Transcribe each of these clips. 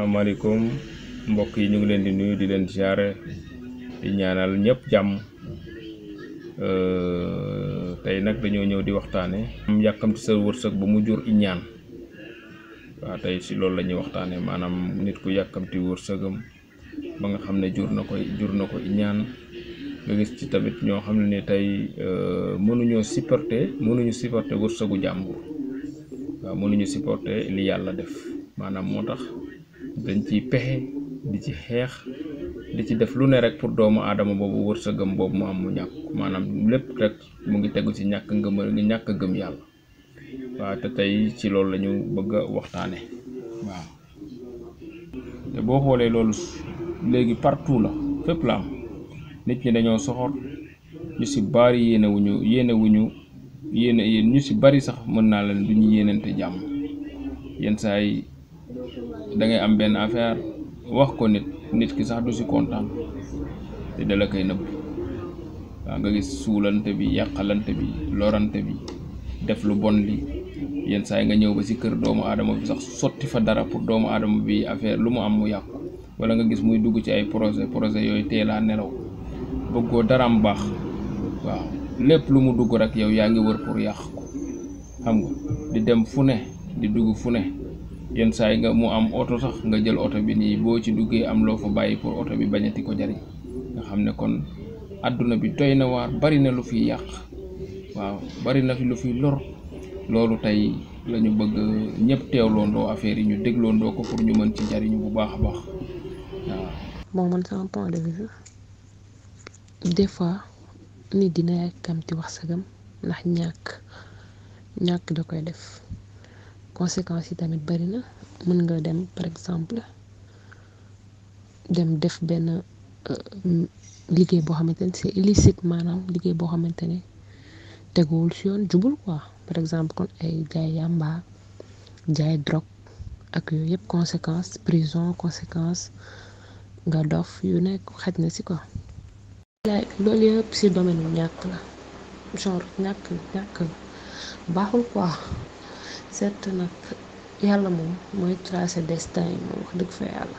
Assalamualaikum, mbok yi ñu ngi leen di nuyu di leen eh, ziaré di ñaanal ñëpp euh tay nak dañu ñëw di waxtaane am ci sa wërsek bu mu jur iñaan wa ah, tay si loolu lañu ñuy manam nit ku ti wërsëgam ba nga xam jur nako jur nako ko iñaan nga gis ci tamit ñoo xam ne tey eh, mënuñoo supporter mënuñu supporter wërsëgu jàmbur ah, mënu ñu supporter li yalla def manam motax dañ ciy pexe di ci xeex di ci def lu ne rek pour doomu aadama boobu wërsëgam boobu mu am mu ñàkk maanaam lépp rek mu ngi tegu ci ñàkk ngëm ngi ñàkk gëm yàlla waaw te tey ci loolu lañu bëgg a waxtaane waaw te boo xoolee loolu léegi partout la fépp la am nit ñi dañoo soxor ñu si bari yéenewuñu yéenewuñu yéene yéen ñu si bari sax mën naa leen duñu yéenante jàmm yenn saa da ngay am ben affaire wax ko nit nit ki sax du si content te da la koy nëbb waaw nga gis suulante bi yakalante bi lorante bi def lu bon li yeen saa nga ñew ba ci kër doomu aadama bi sax soti fa dara pour doomu aadama bi affaire lu mu am mu yak wala nga gis muy dugg ci ay projet projet té la nelaw bëggo dara am bax wa lepp lu mu dugg rek yow yaangi wër pour yak xam nga di dem fu ne di dugg fu ne yenn saa nga mu am oto sax nga jël oto bi nii boo ci duggee am loo fa bàyyi pour oto bi bañati ko jariñ nga xam ne kon àdduna bi doy na waar bari na lu fi yàq waaw bari na fi lu fi lor loolu tey lañu bëgg ñëpp teewloondoo affaire yi ñu dégloondoo ko pour ñu mën ci jariñu bu baax a baax waaw. bon man sama point de vue des fois nit dina yàkkamti wax sagam ndax ñàkk ñàkk da koy def. conséquences yi tamit bari na mën nga dem par exemple dem def benn euh, liggéey boo xamante ne c'est illicite maanaam liggéey boo xamante ne teguwul si yoon jubul quoi par exemple kon ay jaay yàmba jaay drogue ak yooyu yëpp conséquence prison conséquence nga dof yu nekk xaj na si quoi. laay loolu yëpp si domaine bu ñàkk la genre ñàkk ñàkk baaxul quoi. certes nag yàlla moom mooy tracer destin yi moom wax dëgg fa yàlla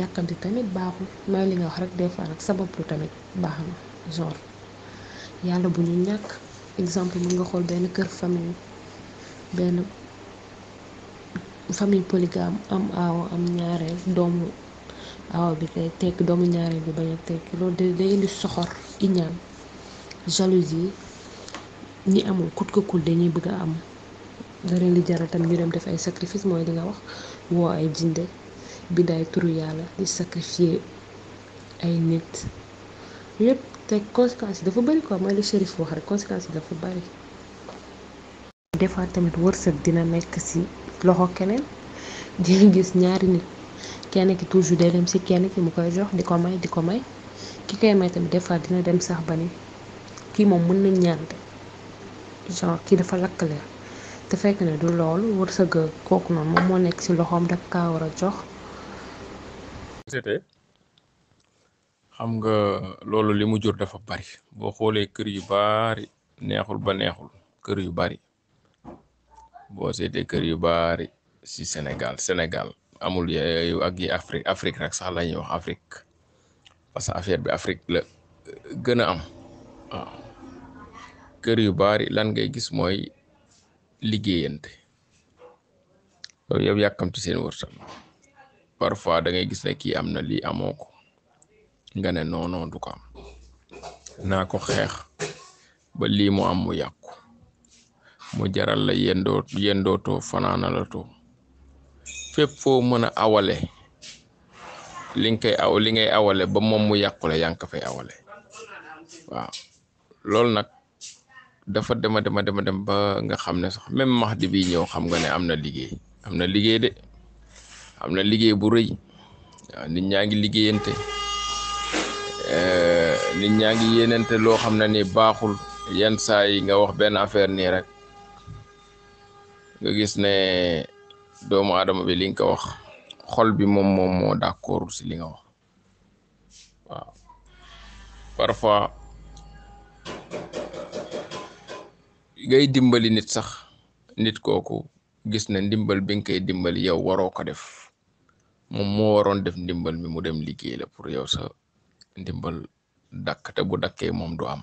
yàkkamti tamit baaxul may li nga wax rek des fois nag sabablu tamit baax na genre yàlla bu ñu ñàkk exemple mën nga xool benn kër famille benn famille polygame am aawa am ñaareel doomu aawa bi day tekk doomu ñaareel bi bañ a tekki loolu day indi soxor iñaan jalousie ñi amul kut ko kul dañuy bëgg a am dana li jaral tam ñu dem def ay sacrifice mooy li nga wax woo ay jinde bind ay turu yàlla di sacrifier ay nit yépp te conséquences yi dafa bëri quoi mooy li shérif wax rek conséquences yi dafa bëri. des fois tamit wërsëg dina nekk ci loxo keneen di gis ñaari nit kenn ki toujours day dem ci kenn ki mu koy jox di ko may di ko may ki koy may tamit des fois dina dem sax ba ni kii moom mën nañ ñaante genre kii dafa lakkale. te fekk ne du loolu wërsëg kooku noonu moom moo nekk ci loxoom daf kaa war a jox. xam nga loolu li mu jur dafa bari boo xoolee kër yu bari neexul ba neexul kër yu bari boo seetee kër yu bari si Sénégal Sénégal amul yooyu ak yi Afrique Afrique rek sax lañuy wax Afrique parce que affaire bi Afrique la gën a am kër yu bari lan ngay gis mooy. liggéeyante yow yow yàkkamti seen wërsëg parfois da ngay gis ne kii am na lii amoo ko nga ne non du ko am naa ko xeex ba lii mu am mu yàqu mu jaral la yendoo yendootoo fanaanalatoo fépp foo mën a awale li nga koy aw ngay awale ba moom mu yàqule yaa ngi ko fay awale waaw dafa dema dema dema dem ba nga xam ne sax même Mahdi bi ñëw xam nga ne am na liggéey am na liggéey de am na liggéey bu rëy waaw nit ñaa ngi liggéeyante eh, nit ñaa ngi yéenante loo xam ne ni baaxul yenn saa yi nga wax benn affaire nii rek nga gis ne doomu aadama bi li nga ko wax xol bi moom moom moo d'accord si li nga wax parfois ngay dimbali nit sax nit kooku gis na ndimbal bi nga koy dimbali yow waroo ko def moom moo waroon def ndimbal mi mu dem liggéey la pour yow sa ndimbal dakk te bu dakkee moom du am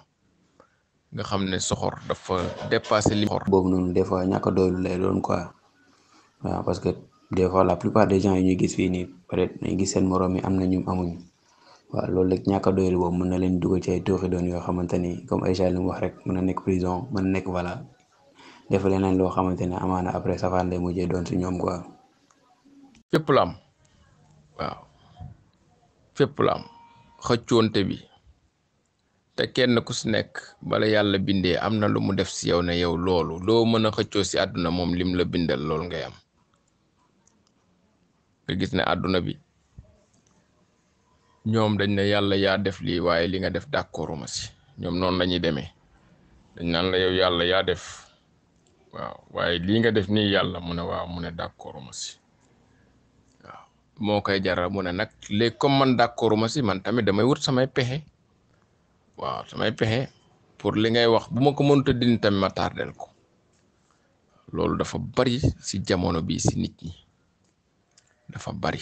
nga xam ne soxor dafa dépassé li soxor boobu noonu des fois ñàkk a doylu lay doon quoi waaw parce que des fois la plupart des gens yi ñuy gis fii nii peut-être nañ gis seen morom yi am na ñum amuñu waaw loolu léegi ñàkk a doyal boobu mën na leen dugal ci ay tooxi doon yoo xamante ni comme Aïcha li mu wax rek mën na nekk prison mën na nekk voilà def leneen loo xamante ne amaana après safaan lay doon si ñoom quoi. la am waaw fépp la xëccoonte bi te kenn ku si nekk bala yàlla bindee am na lu mu def si yow ne yow loolu loo mën a xëccoo si àdduna moom lim la bindal loolu ngay am nga gis ne àdduna bi. Nyom dañ ne yàlla ya def li waaye li nga def d'accorduma si nyom non la ñuy demee dañ naan la yow yàlla yaa def waaw waaye nga def ni yalla mu ne waaw mu ne d'accorduma si waaw moo koy jaral mu ne nag léegi comme man d'accorduma si man tamit damay wut samay pexe waaw samay pexe pour li ngay wax bu ma ko mënta dindi tamit ma tardel ko loolu dafa bari si jamono bi si nit ñi dafa bari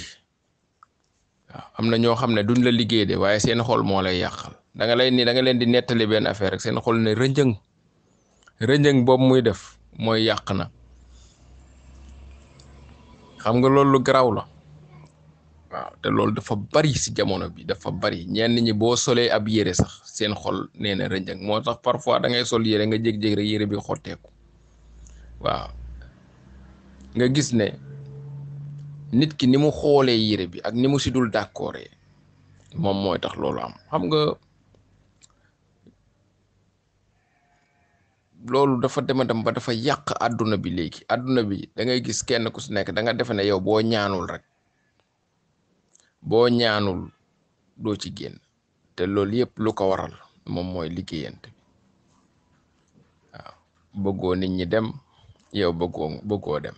waaw am na ñoo xam ne duñ la liggéey de waaye seen xol moo lay yàqal danga lay ni da leen di nettali benn affaire rek seen xol ne rënjëng rënjëng boobu muy def mooy yàq na xam nga loolu lu garaaw la waaw te loolu dafa bari si jamono bi dafa bari ñenn ñi boo solee ab yére sax seen xol nee na rënjëng moo tax parfois da ngay sol yére nga jég-jég rek yére bi xotteeku waaw nga gis ne nit ki ni mu xolé yére bi ak ni mu sidul d'accordé mom moy tax lolu am xam nga lolu dafa dema dem ba dafa yàq aduna bi léegi aduna bi da ngay gis kenn ku su nek da nga defe ne yow bo ñaanul rek bo ñaanul do ci genn te lolu lu ko waral mom moy liggéeyante bi nit ñi dem yow bëggo bëggo dem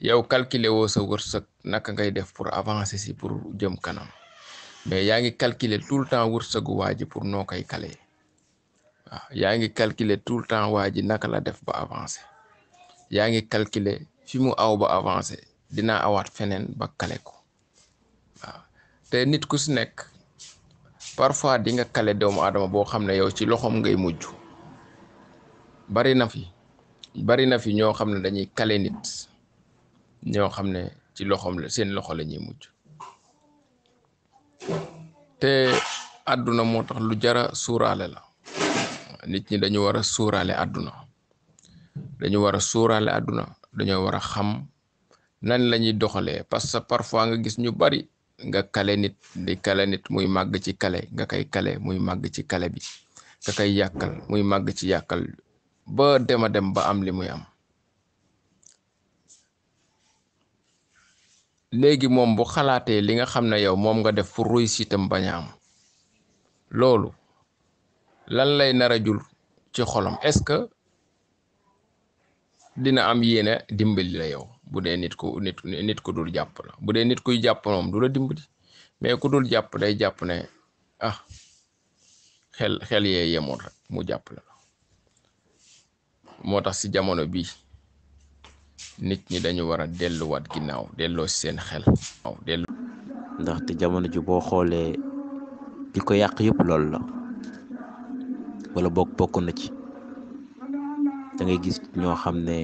yow calculer woo sa wërsëg naka ngay def pour avancer si pour jëm kanam mais yaa ngi calculer tout le temps wërsëgu waa ji pour noo koy kale waaw yaa ngi calculer tout le temps waa ji naka la def ba avancer yaa ngi calculer fi mu aw ba avancer dinaa awaat feneen ba kale ko waaw te nit ku si nekk parfois di nga kale doomu aadama boo xam ne yow ci loxoom ngay mujj bari na fi bari na fi ñoo xam ne dañuy kale nit. ñoo xam ne ci loxoom la seen loxo la ñuy mujj te àdduna moo tax lu jara suuraale la nit ñi dañu war a suuraale àdduna dañu war a suuraale àdduna dañoo war a xam nan la ñuy doxalee parce que parfois nga gis ñu bari nga kale nit di nit muy màgg ci kale nga koy kale muy màgg ci kale bi nga kay yàkkal muy màgg ci yàkkal ba dema dem ba am li muy am legi mom bu xalaté li nga xamné yow mom nga def pour réussite am bañ am loolu lan lay nara jul ci xolam est-ce que dina am yene dimbali la yow budé nit ko nit nit ko dul japp la budé nit kuy japp mom dula dimbali mais ku dul japp day japp né ah xel xel ye yemoon rek mu japp la motax ci jamono bi nit ñi dañu war a delluwaat ginnaaw delloo seen xel waaw dellu ndaxte jamono ji boo xoolee ki ko yàq yëpp loolu la wala bokk bokk na ci dangay gis ñoo xam ne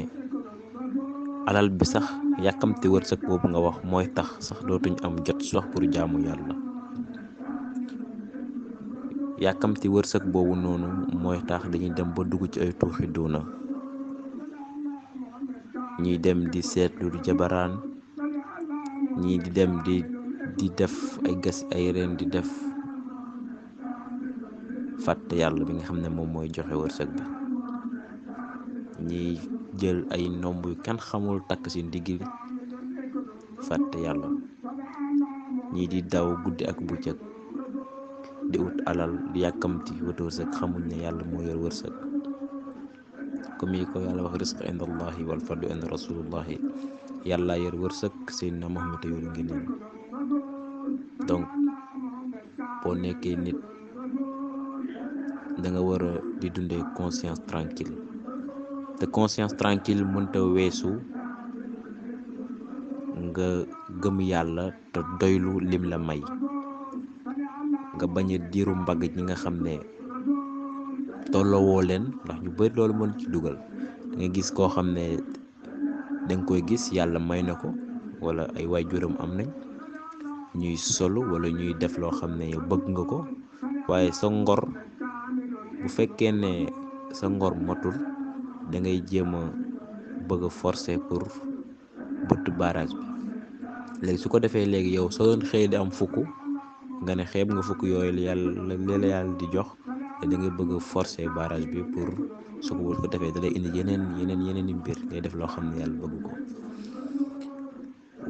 alal bi sax yàkkamte wërsëg boobu nga wax mooy tax sax dootuñ am jot sax pour jaamu yàlla yàkkamti wërsëg boobu noonu mooy tax dañuy dem ba dugg ci ay tuuxi duuna ñuy dem di seetlu di jabaraan ñii di dem di di def ay gas ay reen di def fàtt yàlla bi nga xam ne moom mooy joxe wërsëg bi ñiy jël ay nomb yu kenn xamul takk si ndigg li fàtte yàlla ñii di daw guddi ak bëccëg di ut alal di yàkkamti wëta wërsëg xamuñ ne yàlla moo yor wërsëg ko mi ko yalla wax risq inda allahi wal fadl inda rasulullahi yalla yer wërsëg sayyidina Muhammad yu ngi ni donc bo nekkee nit da nga war di dundé conscience tranquille te conscience tranquille ta wessu nga gëm yalla te doylu lim la may nga baña diru mbag nga xamné tollowoo leen ndax ñu bari loolu mën ci dugal dangay gis koo xam ne danga koy gis yàlla may na ko wala ay waajuram am nañ ñuy solu wala ñuy def loo xam ne bëgg nga ko waaye sa ngor bu fekkee ne sa ngor matul dangay ngay jéem a bëgg a forcer pour bëtt barrage bi léegi su ko defee léegi yow soo doon xëy di am fukk nga ne xeeb nga fukk yooyu yàlla li la yàlla di jox da nga bëgg a forcer barrage bi pour su ko ko defee da indi yeneen yeneen yeneen i mbir ngay def loo xam ne yàlla bëgg ko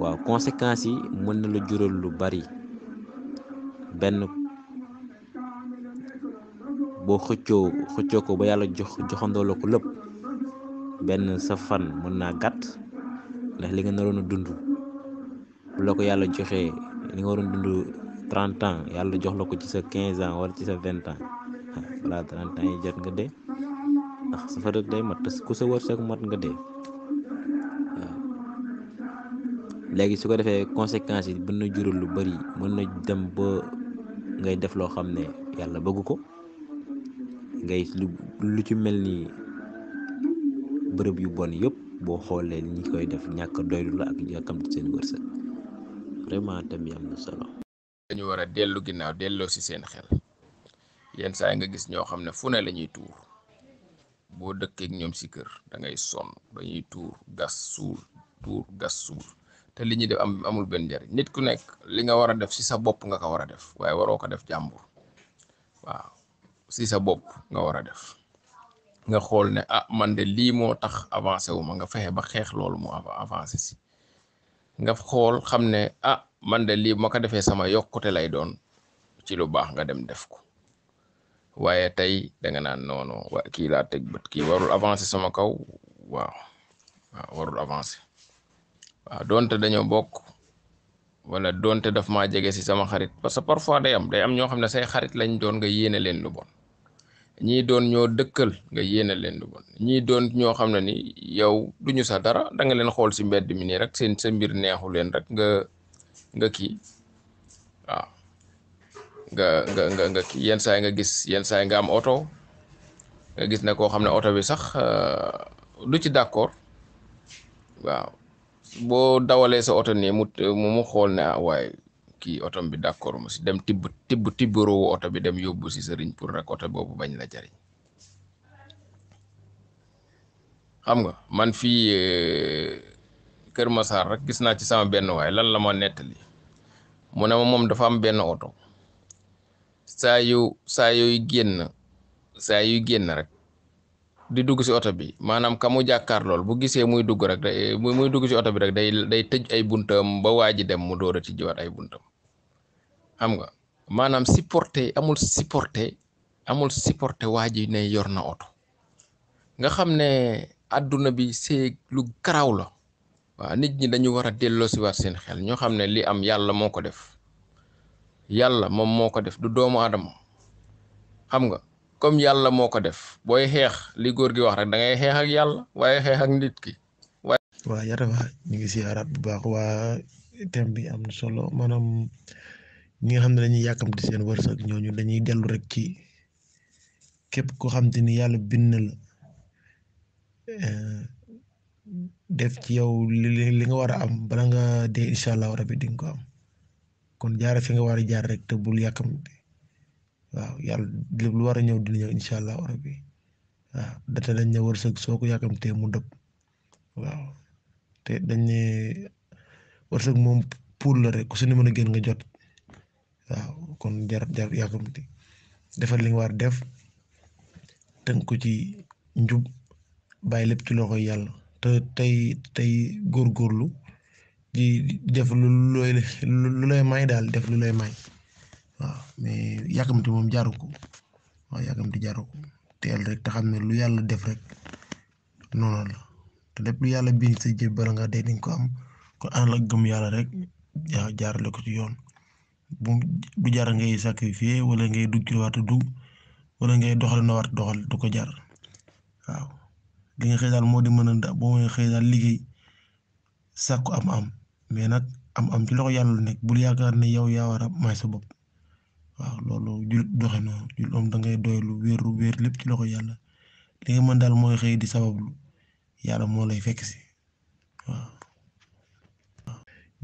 waaw conséquences yi mën na la jural lu bari benn boo xëccoo xëccoo ko ba yàlla jox joxandoo la ko lépp benn sa fan mën naa gàtt ndax li nga naroon a dund bu la ko yàlla joxee li nga waroon dund trente yàlla jox la ko ci sa quinze ans wala ci sa vingt ans laata na temps yi jot nga dee ndax sa farat day mat parce que ku sa wërsëg mat nga dee waaw léegi su ko defee conséquences yi mën na jural lu bari mën na dem ba ngay def loo xam ne yàlla ngay lu ci mel ni bërëb yu bon yëpp boo xoolee ñi koy def ñàkk doylu la ak yàkkamti seen wërsëg vraiment thème yi na solo. dañu war a dellu ginnaaw delloo seen xel yen saa nga gis ñoo xamne fune lañuy tour bo dekk ak ñom si kër da ngay son dañuy tour gas suul tour gas suul te li def am amul ben jar nit ku nek li nga wara def ci sa bop nga ko wara def waye waro ko def jàmbur waaw ci sa bop nga wara def nga xol ne ah man de li mo tax avancer wu ma nga fexé ba xex loolu mu avancer si nga xol xamne ah man de li mako defé sama yokkute lay doon ci lu bax nga dem def ko waye tay da nga non non wa ki la tek bet ki warul avancer sama kaw waaw ah, warul avancer wa ah, donte daño bok wala donte daf ma jege ci sama xarit parce que parfois day am day am ño xamné say xarit lañ doon nga don len lu bon ñi doon ño dekkal nga yéene len lu bon ñi doon ño xamné ni yow duñu sa dara da nga len xol ci mbedd mi ni rek seen sa mbir neexu len rek nga nga ki waaw. Ah nga nga nga nga yenn saay nga gis yenn saay nga am oto nga gis na ko xamne auto bi sax euh, du ci d'accord waaw bo dawale sa auto ni mu mu xol na ah, way ki auto bi d'accord mu ci dem tib tib tibbaroowu oto bi dem yobbu ci serigne pour rek oto bobu bañ la jariñ xam nga man fi euh, keur Massar rek gis na ci sama ben way lan la mo netali mu ne mom dafa am ben oto saa yu saa yooyu génn saa yuy génn rek di dugg si oto bi maanaam ka mu jàkkaar lool bu gisee muy dugg rek day muy dugg si oto bi rek day day tëj ay buntam ba waa ji dem mu door ci jiwaat ay buntam xam nga maanaam supporté amul supporté amul supporté waa ji ne yor na oto nga xam ne adduna bi see lu garaaw la waaw nit ñi dañu war a delloo si waat seen xel ñoo xam ne li am yàlla moo ko def Yalla mom moko def du doomu adam xam nga comme yalla moko def boy xex li gor gi wax rek da ngay xex ak yalla waye xex ak nit ki wa ngi si bu baax wa tem bi am solo manam ñi nga xam dañuy yakam di seen wërsëg ñoñu dañuy delu rek ci kep ko xam tane yalla yàlla la eh, def ci yow li nga wara am ba nga de inshallah rabbi ding ko am. kon jaara fi nga war jaar rek te bul waaw yàlla lu war a ñëw dina ñëw incha allah rabbi waaw data dañ ne wërsëg soo ko yàkkamtee mu dëpp waaw te dañ ne wërsëg moom pool la rek ku si ne mën a gën nga jot waaw kon jar jar yàkkamti defal li war def tënk ko ci njub bàyyi lépp ci loxoy yàlla te tey góor góorlu di def lu lu lay may daal def lu lay may waaw mais yàkkamti moom jaaru ko waaw yàkkamti jaaru ko teel rek te xam ne lu yàlla def rek noonu la te lu yàlla bind sa jëb bala nga dee dañ ko am kon ànd ak gëm yàlla rek yaa jaarale ko ci yoon bu du jar ngay sacrifier wala ngay dugg ci waat dugg wala ngay doxal na war doxal du ko jar waaw li nga xëy daal moo di mën a boo mooy xëy daal liggéey sàkku am am mais nag am-am ci loxo yàlla la nekk bul yaakaar ne yow yaa war may sa bopp waaw loolu jul doxe noonu jul moom da doylu wéeru wéer lépp ci loxo yàlla li nga daal mooy xëy di sabablu yàlla moo lay fekk si waaw.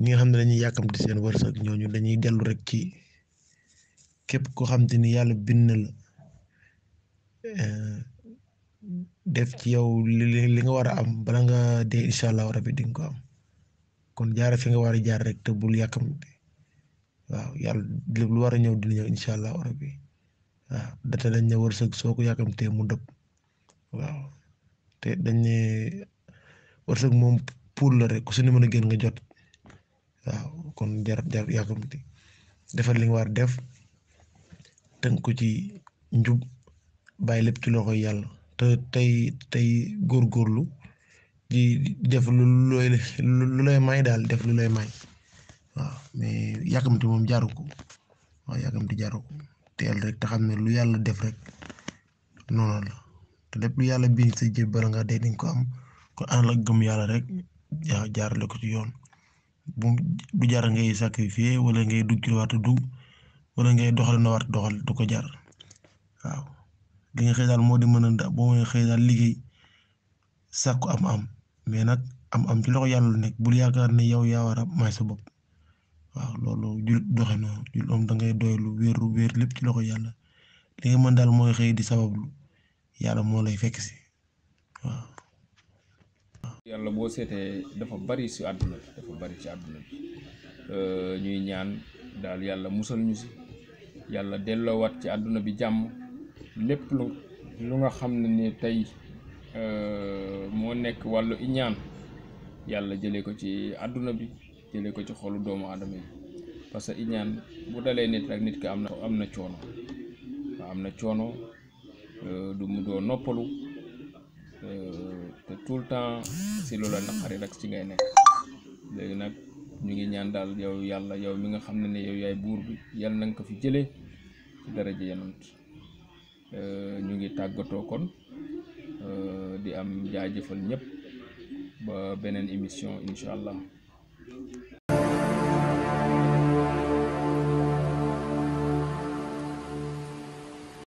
ñi nga xam ne dañuy yàkkamti seen wërsëg ñooñu dañuy dellu rek ci képp ko xam te ni yàlla bind la eh, def ci yow li li nga war a am bala nga dee incha allah rabbi di ko am. kon jaare fi nga a jaar rek te bul yàkkamte waaw lu war a ñëw dina ñëw incha allah rabbi waaw data dañ ne wërsëg mu dëpp dañ ne moom pool la ku si mën a gën nga jot waaw kon jar jar yàkkamti defal li nga def tënk ko ci njub bàyyi lépp ci loxoy yàlla te tey tey góorgóorlu di def lu looy lu lay may daal def lu lay may waaw mais yàkkamti moom jaaru ko waaw yàkkamti jaaru ko teel rek te xam ne lu yàlla def rek noonu la te lu yàlla bind sa jëf bala nga dañ ko am ko ànd ak gëm yàlla rek jaa jaarale ko ci yoon bu du jar ngay sacrifier wala ngay dugg ci warta dugg wala ngay doxal na warta doxal du ko jar waaw li nga xëy daal moo di mën a boo mënee xëy daal liggéey sàkku am am mais nak am-am ci loxo yalla nek bu yaakar yau ne yow ya war a may sa bop waaw lolu jul doxé no jul moom da ngay doylu wéru wér lepp ci loxo yalla li nga man dal moy xey di sabablu yalla mo lay fekk ci waaw. yalla bo sété dafa bari ci aduna dafa bari ci aduna euh ñuy ñaan dal yalla musal ñu yalla delo wat ci aduna bi jam lepp lu lu nga xam ne ni Euh, mo nek walu iñaan yalla jëlee ko ci aduna bi jëlee ko ci xolu doomu adam yi parce que iñaan bu dalé nit rek nit ki amna na choono na choono euh du mu do noppalu euh, te tout le temps si loola naxari rek ci ngay nek légui nak ñu ngi ñaan dal yow yalla yow mi nga xam ne yow yaay bur bi yalla nang ko fi jëlee ci daraja yonent euh, ñu ngi tagoto kon Euh, di am jaajëfal ñëpp ba beneen émission incha allah